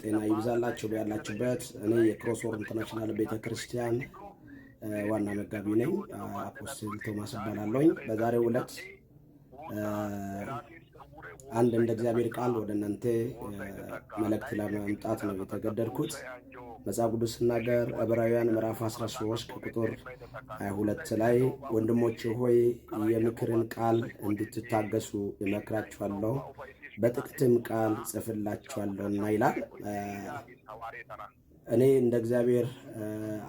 ጤና ይብዛላችሁ ያላችሁበት። እኔ የክሮስ ኢንተርናሽናል ቤተክርስቲያን ዋና መጋቢ ነኝ። አፖስትል ቶማስ እባላለሁ በዛሬው ዕለት አንድ እንደ እግዚአብሔር ቃል ወደ እናንተ መልእክት ለመምጣት ነው የተገደድኩት። መጽሐፍ ቅዱስ ስናገር ዕብራውያን ምዕራፍ 13 ከቁጥር 22 ላይ ወንድሞች ሆይ የምክርን ቃል እንድትታገሱ እመክራችኋለሁ በጥቂትም ቃል ጽፍላችኋለሁና ይላል። እኔ እንደ እግዚአብሔር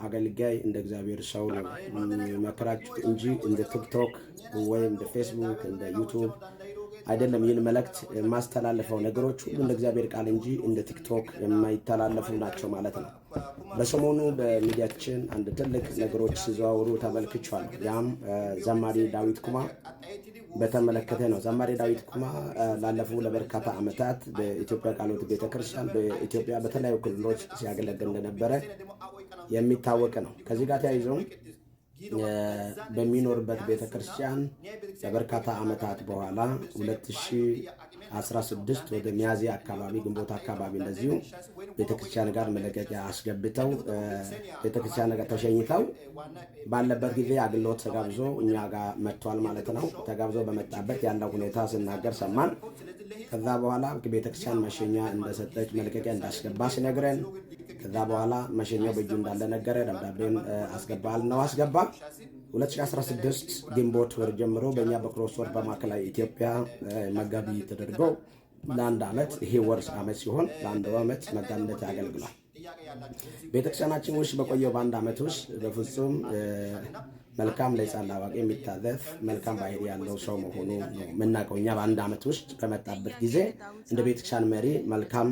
አገልጋይ እንደ እግዚአብሔር ሰው ነው መከራችሁ እንጂ እንደ ቲክቶክ ወይም እንደ ፌስቡክ እንደ ዩቱብ አይደለም። ይህን መልእክት የማስተላለፈው ነገሮች ሁሉ እንደ እግዚአብሔር ቃል እንጂ እንደ ቲክቶክ የማይተላለፉ ናቸው ማለት ነው። በሰሞኑ በሚዲያችን አንድ ትልቅ ነገሮች ሲዘዋውሩ ተመልክቸዋል። ያም ዘማሪ ዳዊት ኩማ በተመለከተ ነው። ዘማሪ ዳዊት ኩማ ላለፉ ለበርካታ ዓመታት በኢትዮጵያ ቃለ ሕይወት ቤተክርስቲያን በኢትዮጵያ በተለያዩ ክልሎች ሲያገለግል እንደነበረ የሚታወቅ ነው። ከዚህ ጋር ተያይዘውም በሚኖርበት ቤተክርስቲያን ለበርካታ ዓመታት በኋላ 16 ወደ ሚያዝያ አካባቢ ግንቦት አካባቢ እንደዚሁ ቤተክርስቲያን ጋር መለቀቂያ አስገብተው ቤተክርስቲያን ጋር ተሸኝተው ባለበት ጊዜ አግሎት ተጋብዞ እኛ ጋር መጥቷል ማለት ነው። ተጋብዞ በመጣበት ያለው ሁኔታ ስናገር ሰማን። ከዛ በኋላ ቤተክርስቲያን መሸኛ እንደሰጠች መለቀቂያ እንዳስገባ ሲነግረን ከዛ በኋላ መሸኛው በእጁ እንዳለ ነገረ። ደብዳቤውን አስገባል ነው አስገባ። 2016 ግንቦት ወር ጀምሮ በእኛ በክሮስ ወር በማዕከላዊ ኢትዮጵያ መጋቢ ተደርጎ ለአንድ ዓመት ይሄ ወር ዓመት ሲሆን ለአንድ ዓመት መጋቢነት ያገልግሏል። ቤተክርስቲያናችን ውስጥ በቆየው በአንድ ዓመት ውስጥ በፍጹም መልካም ለሕፃን ላዋቂ የሚታዘዝ መልካም ባህሪ ያለው ሰው መሆኑ ነው የምናውቀው። እኛ በአንድ ዓመት ውስጥ በመጣበት ጊዜ እንደ ቤተክርስቲያን መሪ መልካም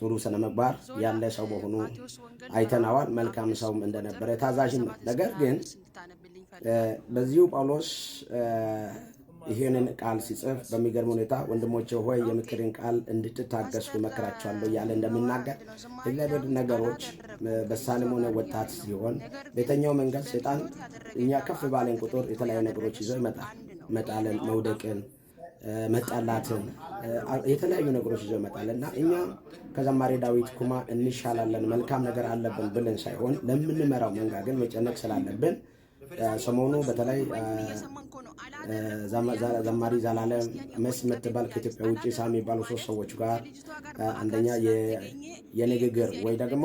ጥሩ ስነ ምግባር ያለ ሰው መሆኑ አይተናዋል። መልካም ሰውም እንደነበረ ታዛዥም። ነገር ግን በዚሁ ጳውሎስ ይህንን ቃል ሲጽፍ በሚገርም ሁኔታ ወንድሞቼ ሆይ የምክርን ቃል እንድትታገሱ መክራቸዋለሁ እያለ እንደሚናገር የእግዚአብሔር ነገሮች በሳልም ሆነ ወጣት ሲሆን በየትኛው መንገድ ሴጣን እኛ ከፍ ባለን ቁጥር የተለያዩ ነገሮች ይዞ ይመጣል። መጣልን፣ መውደቅን፣ መጠላትን የተለያዩ ነገሮች ይዞ ይመጣል እና እኛ ከዘማሪ ዳዊት ኩማ እንሻላለን መልካም ነገር አለብን ብለን ሳይሆን ለምንመራው መንጋ ግን መጨነቅ ስላለብን ሰሞኑ በተለይ ዘማሪ ዘላለም መስ የምትባል ከኢትዮጵያ ውጭ ሳሚ የሚባሉ ሶስት ሰዎች ጋር አንደኛ የንግግር ወይ ደግሞ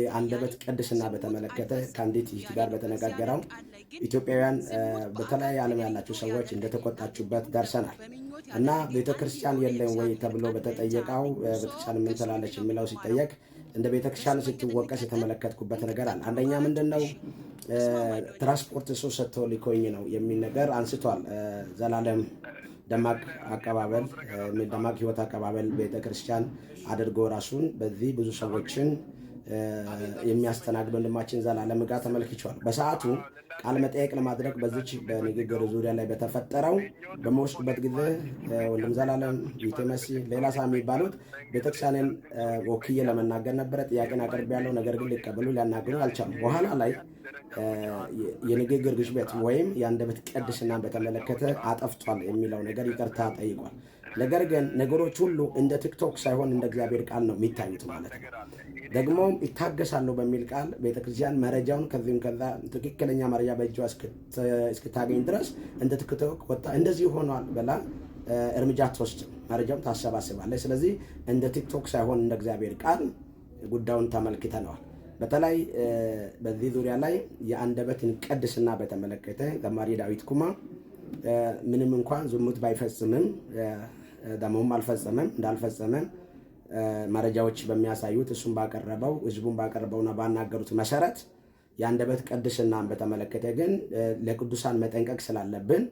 የአንደበት ቅድስና በተመለከተ ከአንዲት ይህት ጋር በተነጋገረው ኢትዮጵያውያን በተለያየ ዓለም ያላቸው ሰዎች እንደተቆጣችሁበት ደርሰናል እና ቤተክርስቲያን የለም ወይ ተብሎ በተጠየቀው ቤተክርስቲያን ምን ትላለች የሚለው ሲጠየቅ እንደ ቤተክርስቲያን ስትወቀስ የተመለከትኩበት ነገር አለ። አንደኛ ምንድን ነው ትራንስፖርት እሱ ሰጥቶ ሊኮኝ ነው የሚል ነገር አንስቷል። ዘላለም ደማቅ አቀባበል ደማቅ ህይወት አቀባበል ቤተክርስቲያን አድርጎ ራሱን በዚህ ብዙ ሰዎችን የሚያስተናግድ ወንድማችን ዘላለም ጋር ተመልክቸዋል። በሰዓቱ ቃለ መጠየቅ ለማድረግ በዚች በንግግር ዙሪያ ላይ በተፈጠረው በመወስድበት ጊዜ ወንድም ዘላለም ዩቴመሲ፣ ሌላ ሳ የሚባሉት ቤተክርስቲያንን ወክዬ ለመናገር ነበረ ጥያቄን አቅርብ ያለው ነገር ግን ሊቀበሉ ሊያናግሩ አልቻሉም። በኋላ ላይ የንግግር ግሽበት ወይም የአንደበት ቅድስናን በተመለከተ አጠፍቷል የሚለው ነገር ይቅርታ ጠይቋል። ነገር ግን ነገሮች ሁሉ እንደ ቲክቶክ ሳይሆን እንደ እግዚአብሔር ቃል ነው የሚታዩት ማለት ነው። ደግሞም ይታገሳሉ በሚል ቃል ቤተክርስቲያን መረጃውን ከዚህም ከዛ ትክክለኛ መረጃ በእጇ እስክታገኝ ድረስ እንደ ቲክቶክ ወጣ እንደዚህ ሆኗል ብላ እርምጃ ትወስድ መረጃውን ታሰባስባለች። ስለዚህ እንደ ቲክቶክ ሳይሆን እንደ እግዚአብሔር ቃል ጉዳዩን ተመልክተነዋል። በተለይ በዚህ ዙሪያ ላይ የአንደበትን ቅድስና በተመለከተ ዘማሪ ዳዊት ኩማ ምንም እንኳን ዝሙት ባይፈጽምም ደግሞም አልፈጸመም። እንዳልፈጸመም መረጃዎች በሚያሳዩት እሱም ባቀረበው ህዝቡን ባቀረበውና ባናገሩት መሰረት የአንደበት ቅድስናን በተመለከተ ግን ለቅዱሳን መጠንቀቅ ስላለብን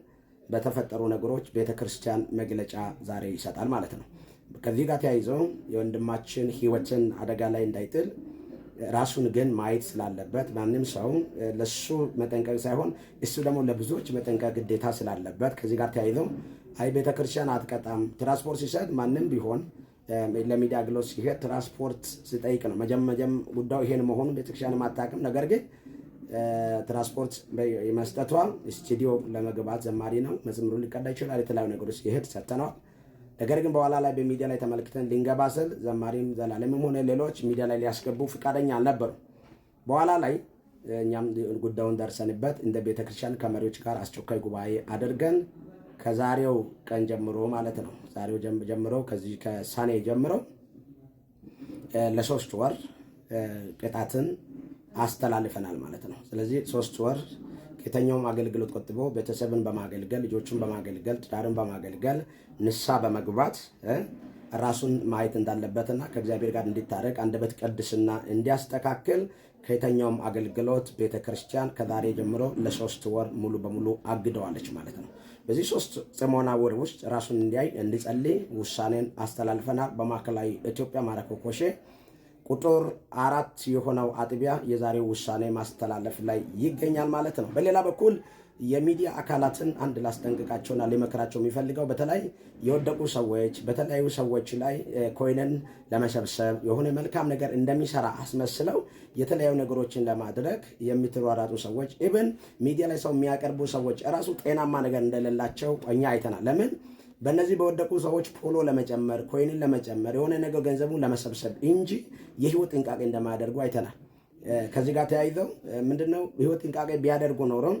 በተፈጠሩ ነገሮች ቤተክርስቲያን መግለጫ ዛሬ ይሰጣል ማለት ነው። ከዚህ ጋር ተያይዞ የወንድማችን ህይወትን አደጋ ላይ እንዳይጥል ራሱን ግን ማየት ስላለበት ማንም ሰው ለሱ መጠንቀቅ ሳይሆን እሱ ደግሞ ለብዙዎች መጠንቀቅ ግዴታ ስላለበት ከዚህ ጋር ተያይዘው አይ ቤተክርስቲያን አትቀጣም። ትራንስፖርት ሲሰጥ ማንም ቢሆን ለሚዲያ ግሎት ሲሄድ ትራንስፖርት ሲጠይቅ ነው መጀመጀም ጉዳዩ ይሄን መሆኑ ቤተክርስቲያን አታውቅም። ነገር ግን ትራንስፖርት መስጠቷ ስቱዲዮ ለመግባት ዘማሪ ነው መዝምሩ ሊቀዳ ይችላል። የተለያዩ ነገሮች ሲሄድ ሰጥተነዋል። ነገር ግን በኋላ ላይ በሚዲያ ላይ ተመልክተን ሊንገባ ስል ዘማሪም ዘላለምም ሆነ ሌሎች ሚዲያ ላይ ሊያስገቡ ፈቃደኛ አልነበሩ። በኋላ ላይ እኛም ጉዳዩን ደርሰንበት እንደ ቤተክርስቲያን ከመሪዎች ጋር አስቸኳይ ጉባኤ አድርገን ከዛሬው ቀን ጀምሮ ማለት ነው። ዛሬው ጀምሮ ከዚህ ከሰኔ ጀምሮ ለሶስት ወር ቅጣትን አስተላልፈናል ማለት ነው። ስለዚህ ሶስት ወር የተኛውም አገልግሎት ቆጥቦ ቤተሰብን በማገልገል ልጆችን በማገልገል ትዳርን በማገልገል ንሳ በመግባት ራሱን ማየት እንዳለበትና ከእግዚአብሔር ጋር እንዲታረቅ አንደበት ቅድስና እንዲያስተካክል ከየተኛውም አገልግሎት ቤተ ክርስቲያን ከዛሬ ጀምሮ ለሶስት ወር ሙሉ በሙሉ አግደዋለች ማለት ነው። በዚህ ሶስት ጽሞና ወር ውስጥ ራሱን እንዲያይ እንዲጸልይ ውሳኔን አስተላልፈናል። በማዕከላዊ ኢትዮጵያ ማረቆ ኮሼ ቁጥር አራት የሆነው አጥቢያ የዛሬው ውሳኔ ማስተላለፍ ላይ ይገኛል ማለት ነው። በሌላ በኩል የሚዲያ አካላትን አንድ ላስጠንቅቃቸውና ሊመክራቸው የሚፈልገው በተለይ የወደቁ ሰዎች በተለያዩ ሰዎች ላይ ኮይንን ለመሰብሰብ የሆነ መልካም ነገር እንደሚሰራ አስመስለው የተለያዩ ነገሮችን ለማድረግ የሚትሯራጡ ሰዎች ኢብን ሚዲያ ላይ ሰው የሚያቀርቡ ሰዎች እራሱ ጤናማ ነገር እንደሌላቸው እኛ አይተናል። ለምን? በእነዚህ በወደቁ ሰዎች ፖሎ ለመጨመር ኮይንን ለመጨመር የሆነ ነገር ገንዘቡን ለመሰብሰብ እንጂ የህይወት ጥንቃቄ እንደማያደርጉ አይተናል። ከዚህ ጋር ተያይዘው ምንድነው ህይወት ጥንቃቄ ቢያደርጉ ኖሮም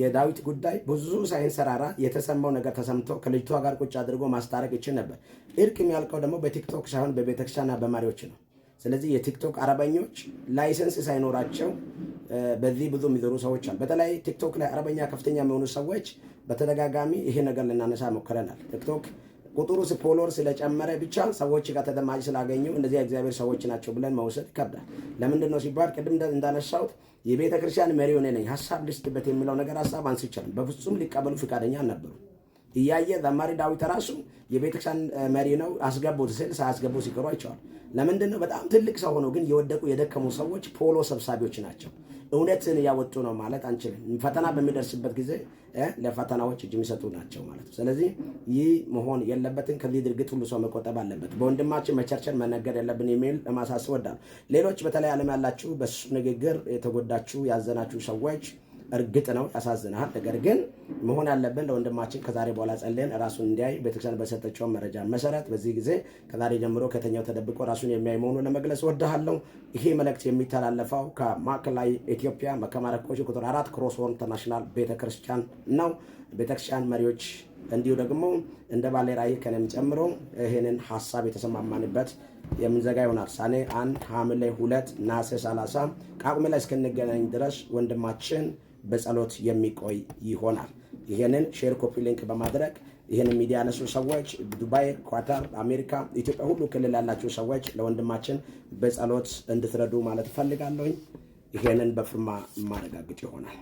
የዳዊት ጉዳይ ብዙ ሳይንሰራራ የተሰማው ነገር ተሰምቶ ከልጅቷ ጋር ቁጭ አድርጎ ማስታረቅ ይችል ነበር። እርቅ የሚያልቀው ደግሞ በቲክቶክ ሳይሆን በቤተክርስቲያንና በመሪዎች ነው። ስለዚህ የቲክቶክ አረበኞች ላይሰንስ ሳይኖራቸው በዚህ ብዙ የሚዘሩ ሰዎች አሉ። በተለይ ቲክቶክ ላይ አረበኛ ከፍተኛ የሚሆኑ ሰዎች በተደጋጋሚ ይሄ ነገር ልናነሳ ሞክረናል። ቲክቶክ ቁጥሩ ስፖኖር ስለጨመረ ብቻ ሰዎች ጋር ተደማጭ ስላገኙ እነዚያ እግዚአብሔር ሰዎች ናቸው ብለን መውሰድ ይከብዳል። ለምንድን ነው ሲባል ቅድም እንዳነሳሁት የቤተ ክርስቲያን መሪ ሆነ ነኝ ሀሳብ ልስጥበት የሚለው ነገር ሀሳብ አንስቻለሁ። በፍጹም ሊቀበሉ ፈቃደኛ አልነበሩም። እያየ ዘማሪ ዳዊት ራሱ የቤተክርስቲያን መሪ ነው አስገቡት ስል ሳያስገቡ ሲቀሩ አይቸዋል። ለምንድን ነው? በጣም ትልቅ ሰው ሆነው ግን የወደቁ የደከሙ ሰዎች ፖሎ ሰብሳቢዎች ናቸው። እውነትን እያወጡ ነው ማለት አንችልም። ፈተና በሚደርስበት ጊዜ ለፈተናዎች እጅ የሚሰጡ ናቸው ማለት ነው። ስለዚህ ይህ መሆን የለበትን። ከዚህ ድርጊት ሁሉ ሰው መቆጠብ አለበት። በወንድማችን መቸርቸር መነገር የለብን የሚል ለማሳስብ ወዳል ሌሎች በተለይ ዓለም ያላችሁ በሱ ንግግር የተጎዳችሁ ያዘናችሁ ሰዎች እርግጥ ነው ያሳዝናል። ነገር ግን መሆን ያለብን ለወንድማችን ከዛሬ በኋላ ጸልየን ራሱን እንዲያይ ቤተክርስቲያን በሰጠችውን መረጃ መሰረት በዚህ ጊዜ ከዛሬ ጀምሮ ከተኛው ተደብቆ ራሱን የሚያይ መሆኑ ለመግለጽ ወድሃለሁ። ይሄ መልእክት የሚተላለፈው ከማዕከላዊ ኢትዮጵያ መከማረቆች ቁጥር አራት ክሮስሆን ኢንተርናሽናል ቤተክርስቲያን ነው። ቤተክርስቲያን መሪዎች እንዲሁ ደግሞ እንደ ባሌ ራይ ከነም ጨምሮ ይህንን ሀሳብ የተሰማማንበት የምንዘጋ ይሆናል። ሰኔ አንድ ሐምሌ ሁለት ነሐሴ 30 ቃቁሜ ላይ እስክንገናኝ ድረስ ወንድማችን በጸሎት የሚቆይ ይሆናል። ይህንን ሼር ኮፒ ሊንክ በማድረግ ይህን ሚዲያ ያነሱ ሰዎች ዱባይ፣ ኳታር፣ አሜሪካ፣ ኢትዮጵያ ሁሉ ክልል ያላችሁ ሰዎች ለወንድማችን በጸሎት እንድትረዱ ማለት እፈልጋለሁኝ። ይህንን በፍርማ ማረጋግጥ ይሆናል።